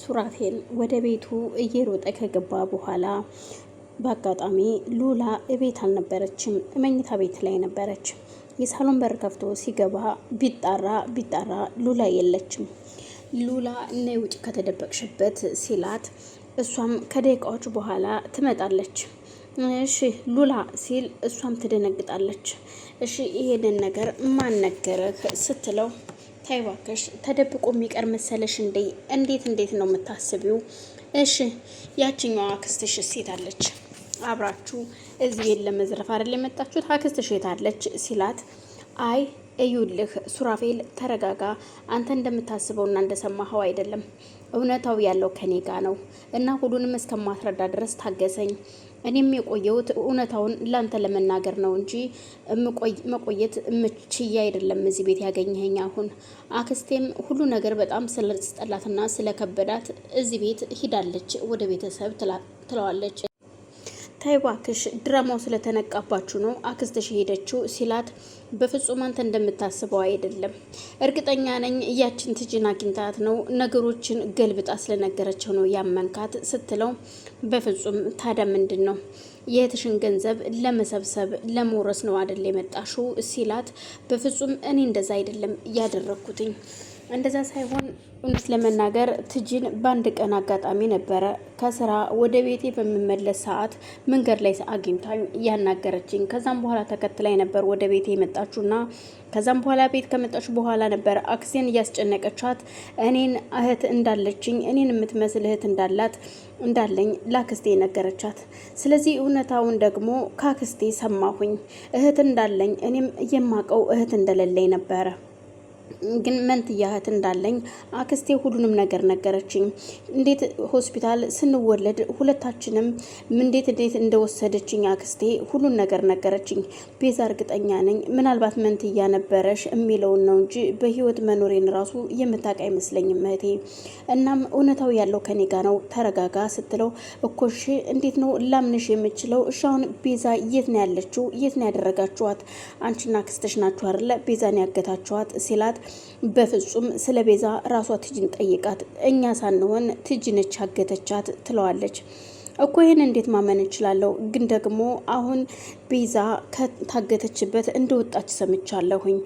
ሱራፌል ወደ ቤቱ እየሮጠ ከገባ በኋላ በአጋጣሚ ሉላ እቤት አልነበረችም፣ መኝታ ቤት ላይ ነበረች። የሳሎን በር ከፍቶ ሲገባ ቢጣራ ቢጣራ ሉላ የለችም። ሉላ እና ውጭ ከተደበቅሽበት ሲላት እሷም ከደቂቃዎች በኋላ ትመጣለች። እሺ ሉላ ሲል እሷም ትደነግጣለች። እሺ ይሄንን ነገር ማን ነገረህ ስትለው ተይ እባክሽ ተደብቆ የሚቀር መሰለሽ እንዴ? እንዴት እንዴት ነው የምታስቢው? እሺ ያችኛዋ አክስትሽ ሴት አለች አብራችሁ እዚህ ቤት ለመዝረፍ አይደል የመጣችሁት? አክስትሽ የት አለች ሲላት አይ እዩልህ ሱራፌል ተረጋጋ። አንተ እንደምታስበውና እንደሰማኸው አይደለም። እውነታው ያለው ከኔ ጋ ነው እና ሁሉንም እስከማስረዳ ድረስ ታገሰኝ። እኔም የቆየሁት እውነታውን ላንተ ለመናገር ነው እንጂ መቆየት ምችያ አይደለም። እዚህ ቤት ያገኘኸኝ አሁን አክስቴም ሁሉ ነገር በጣም ስለስጠላትና ስለከበዳት እዚህ ቤት ሂዳለች ወደ ቤተሰብ ትለዋለች። ታይ እባክሽ ድራማው ስለተነቃባችሁ ነው አክስትሽ ሄደችው ሲላት፣ በፍጹም አንተ እንደምታስበው አይደለም። እርግጠኛ ነኝ እያችን ትጅን አግኝታት ነው ነገሮችን ገልብጣ ስለነገረችው ነው ያመንካት ስትለው፣ በፍጹም ታዲያ ምንድን ነው የእህትሽን ገንዘብ ለመሰብሰብ ለመውረስ ነው አደል የመጣሹ ሲላት፣ በፍጹም እኔ እንደዛ አይደለም ያደረግኩትኝ እንደዛ ሳይሆን እውነት ለመናገር ትጂን በአንድ ቀን አጋጣሚ ነበረ ከስራ ወደ ቤቴ በምመለስ ሰዓት መንገድ ላይ አግኝታኝ ያናገረችኝ። ከዛም በኋላ ተከትላይ ነበር ወደ ቤቴ የመጣችሁና ከዛም በኋላ ቤት ከመጣች በኋላ ነበር አክሴን እያስጨነቀቻት እኔን እህት እንዳለችኝ እኔን የምትመስል እህት እንዳላት እንዳለኝ ላክስቴ ነገረቻት። ስለዚህ እውነታውን ደግሞ ከአክስቴ ሰማሁኝ። እህት እንዳለኝ እኔም የማውቀው እህት እንደሌለኝ ነበረ ግን መንትያ እህት እንዳለኝ አክስቴ ሁሉንም ነገር ነገረችኝ። እንዴት ሆስፒታል ስንወለድ ሁለታችንም እንዴት እንዴት እንደወሰደችኝ አክስቴ ሁሉን ነገር ነገረችኝ። ቤዛ እርግጠኛ ነኝ ምናልባት መንትያ ነበረሽ የሚለውን ነው እንጂ በህይወት መኖሬን ራሱ የምታውቅ አይመስለኝም እህቴ። እናም እውነታው ያለው ከኔ ጋ ነው፣ ተረጋጋ ስትለው እኮሽ እንዴት ነው ላምንሽ የምችለው? እሺ አሁን ቤዛ የት ነው ያለችው? የት ነው ያደረጋችኋት? አንቺና አክስትሽ ናችሁ አይደለ ቤዛን ያገታችኋት ሲላት በፍጹም ስለ ቤዛ ራሷ ትጅን ጠይቃት፣ እኛ ሳንሆን ትጅነች አገተቻት ትለዋለች። እኮ ይህን እንዴት ማመን እችላለሁ ግን ደግሞ አሁን ቤዛ ከታገተችበት እንደወጣች ሰምቻለሁኝ፣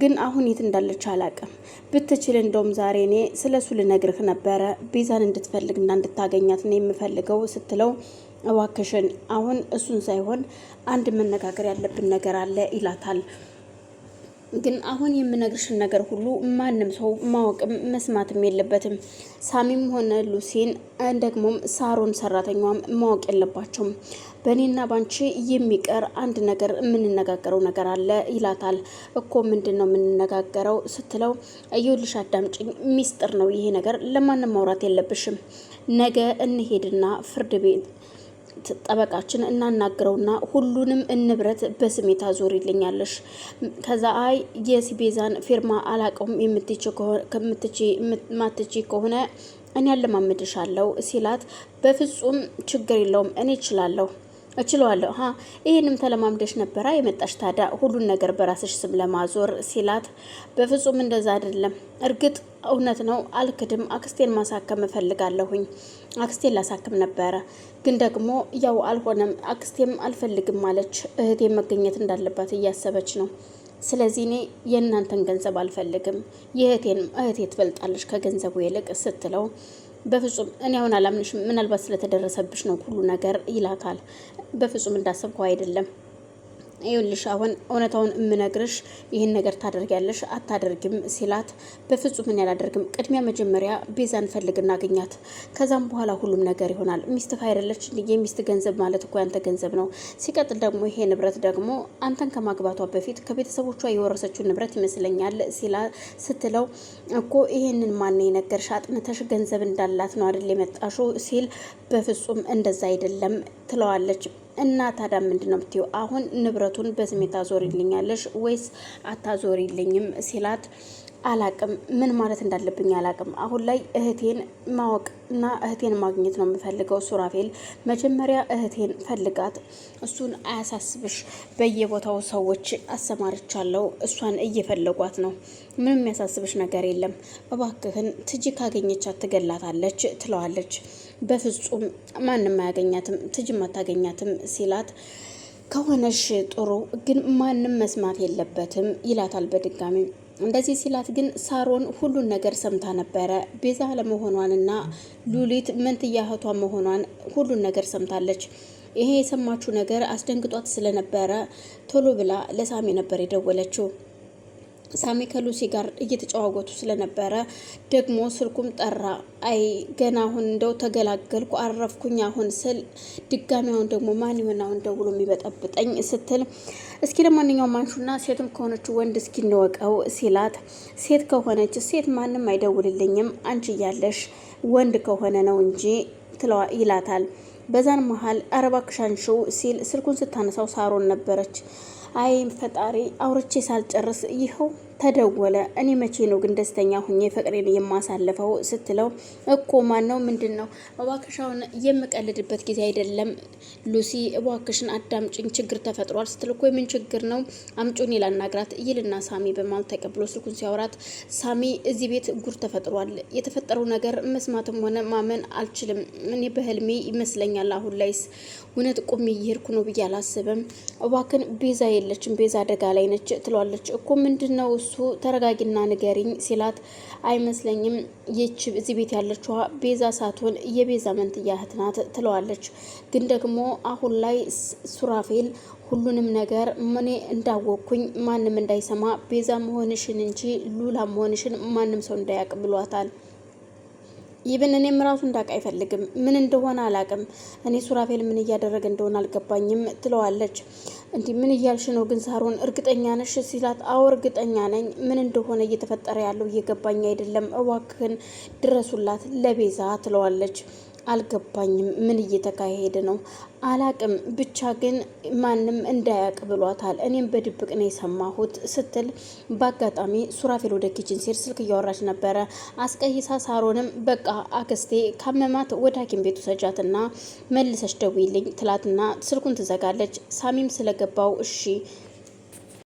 ግን አሁን የት እንዳለች አላቅም። ብትችል እንደውም ዛሬ እኔ ስለ እሱ ልነግርህ ነበረ። ቤዛን እንድትፈልግና እንድታገኛት ነው የምፈልገው ስትለው እባክሽን አሁን እሱን ሳይሆን አንድ መነጋገር ያለብን ነገር አለ ይላታል። ግን አሁን የምነግርሽን ነገር ሁሉ ማንም ሰው ማወቅም መስማትም የለበትም። ሳሚም ሆነ ሉሲን ደግሞም ሳሮን ሰራተኛዋም ማወቅ የለባቸውም። በእኔና ባንቺ የሚቀር አንድ ነገር የምንነጋገረው ነገር አለ ይላታል። እኮ ምንድን ነው የምንነጋገረው ስትለው፣ እየውልሽ አዳምጭኝ ሚስጥር ነው ይሄ ነገር፣ ለማንም ማውራት የለብሽም። ነገ እንሄድና ፍርድ ቤት የመብት ጠበቃችን እናናግረውና ሁሉንም ንብረት በስሜ ታዞሪልኛለሽ። ከዛ አይ የሲቤዛን ፊርማ አላቀውም የምትማትቺ ከሆነ እኔ ያለማምድሻለሁ ሲላት፣ በፍጹም ችግር የለውም እኔ እችላለሁ እችለዋለሁ ሀ ይህንም ተለማምደሽ ነበራ የመጣሽ ታዲያ ሁሉን ነገር በራስሽ ስም ለማዞር ሲላት፣ በፍጹም እንደዛ አይደለም። እርግጥ እውነት ነው አልክድም፣ አክስቴን ማሳከም እፈልጋለሁኝ። አክስቴን ላሳክም ነበረ፣ ግን ደግሞ ያው አልሆነም። አክስቴም አልፈልግም ማለች። እህቴ መገኘት እንዳለባት እያሰበች ነው። ስለዚህ እኔ የእናንተን ገንዘብ አልፈልግም፣ የእህቴን እህቴ ትበልጣለች ከገንዘቡ ይልቅ ስትለው በፍጹም እኔ አሁን አላምንሽም፣ ምናልባት ስለተደረሰብሽ ነው ሁሉ ነገር ይላታል። በፍጹም እንዳሰብከው አይደለም ይኸውልሽ አሁን እውነታውን የምነግርሽ ይህን ነገር ታደርጊያለሽ አታደርጊም ሲላት፣ በፍጹም እኔ አላደርግም። ቅድሚያ መጀመሪያ ቤዛን ፈልግ እናገኛት፣ ከዛም በኋላ ሁሉም ነገር ይሆናል። ሚስትህ አይደለች? የሚስት ገንዘብ ማለት እኮ ያንተ ገንዘብ ነው። ሲቀጥል ደግሞ ይሄ ንብረት ደግሞ አንተን ከማግባቷ በፊት ከቤተሰቦቿ የወረሰችው ንብረት ይመስለኛል ሲላ ስትለው እኮ ይሄንን ማን የነገርሽ? አጥንተሽ ገንዘብ እንዳላት ነው አይደል የመጣሽው? ሲል በፍጹም እንደዛ አይደለም ትለዋለች። እና ታዲያ ምንድን ነው ብትይው፣ አሁን ንብረቱን በስሜ ታዞሪልኛለሽ ወይስ አታዞሪልኝም ሲላት አላቅም ምን ማለት እንዳለብኝ አላቅም። አሁን ላይ እህቴን ማወቅ እና እህቴን ማግኘት ነው የምፈልገው። ሱራፌል መጀመሪያ እህቴን ፈልጋት፣ እሱን አያሳስብሽ። በየቦታው ሰዎች አሰማርቻለሁ፣ እሷን እየፈለጓት ነው። ምንም የሚያሳስብሽ ነገር የለም። እባክህን ትጂ፣ ካገኘቻት ትገላታለች ትለዋለች። በፍጹም ማንም አያገኛትም፣ ትጅም አታገኛትም ሲላት ከሆነሽ ጥሩ ግን ማንም መስማት የለበትም ይላታል በድጋሚ እንደዚህ ሲላት ግን ሳሮን ሁሉን ነገር ሰምታ ነበረ። ቤዛ ለመሆኗንና ሉሊት መንትያ እህቷ መሆኗን ሁሉን ነገር ሰምታለች። ይሄ የሰማችው ነገር አስደንግጧት ስለነበረ ቶሎ ብላ ለሳሚ ነበር የደወለችው። ሳሚ ከሉሲ ጋር እየተጨዋወቱ ስለነበረ ደግሞ ስልኩም ጠራ። አይ ገና አሁን እንደው ተገላገልኩ አረፍኩኝ አሁን ስል ድጋሚ አሁን ደግሞ ማን ይሆን አሁን ደውሎ የሚበጠብጠኝ ስትል እስኪ ለማንኛውም አንሹና ሴትም ከሆነች ወንድ እስኪ እንወቀው ሲላት፣ ሴት ከሆነች ሴት ማንም አይደውልልኝም አንቺ እያለሽ ወንድ ከሆነ ነው እንጂ ትለዋ ይላታል። በዛን መሀል አረባ ክሻንሽው ሲል ስልኩን ስታነሳው ሳሮን ነበረች። አይ ፈጣሪ አውርቼ ሳልጨርስ ይኸው ተደወለ። እኔ መቼ ነው ግን ደስተኛ ሁኜ ፍቅሬን የማሳልፈው ስትለው እኮ ማን ነው ምንድን ነው እባክሻውን የምቀልድበት ጊዜ አይደለም ሉሲ እባክሽን አዳምጭኝ ችግር ተፈጥሯል ስትል እኮ የምን ችግር ነው አምጩን ላናግራት ይልና ሳሚ በማል ተቀብሎ ስልኩን ሲያወራት ሳሚ እዚህ ቤት ጉር ተፈጥሯል የተፈጠረው ነገር መስማትም ሆነ ማመን አልችልም እኔ በህልሜ ይመስለኛል አሁን ላይስ እውነት ቁሚ እየሄድኩ ነው ብዬ አላስብም እባክን ቤዛ የለችም ቤዛ አደጋ ላይ ነች ትሏለች እኮ ምንድን ነው እሱ ተረጋጊና ንገሪኝ ሲላት አይመስለኝም ይች እዚህ ቤት ያለችዋ ቤዛ ሳትሆን የቤዛ መንትያ እህት ናት ትለዋለች። ግን ደግሞ አሁን ላይ ሱራፌል ሁሉንም ነገር እኔ እንዳወቅኩኝ ማንም እንዳይሰማ ቤዛ መሆንሽን እንጂ ሉላ መሆንሽን ማንም ሰው እንዳያውቅ ብሏታል። ይብን እኔም ራሱ እንዳውቅ አይፈልግም። ምን እንደሆነ አላውቅም። እኔ ሱራፌል ምን እያደረገ እንደሆነ አልገባኝም ትለዋለች። እንዲህ ምን እያልሽ ነው ግን ሳሮን እርግጠኛ ነሽ ሲላት፣ አዎ እርግጠኛ ነኝ። ምን እንደሆነ እየተፈጠረ ያለው እየገባኝ አይደለም። እባክህን ድረሱላት ለቤዛ ትለዋለች። አልገባኝም፣ ምን እየተካሄደ ነው አላቅም፣ ብቻ ግን ማንም እንዳያቅ ብሏታል። እኔም በድብቅ ነው የሰማሁት ስትል በአጋጣሚ ሱራፌል ወደ ኪችን ሴር ስልክ እያወራች ነበረ። አስቀይሳ ሳሮንም በቃ አክስቴ ካመማት ወደ ሐኪም ቤቱ ሰጃትና መልሰሽ ደውይልኝ ትላትና ስልኩን ትዘጋለች። ሳሚም ስለገባው እሺ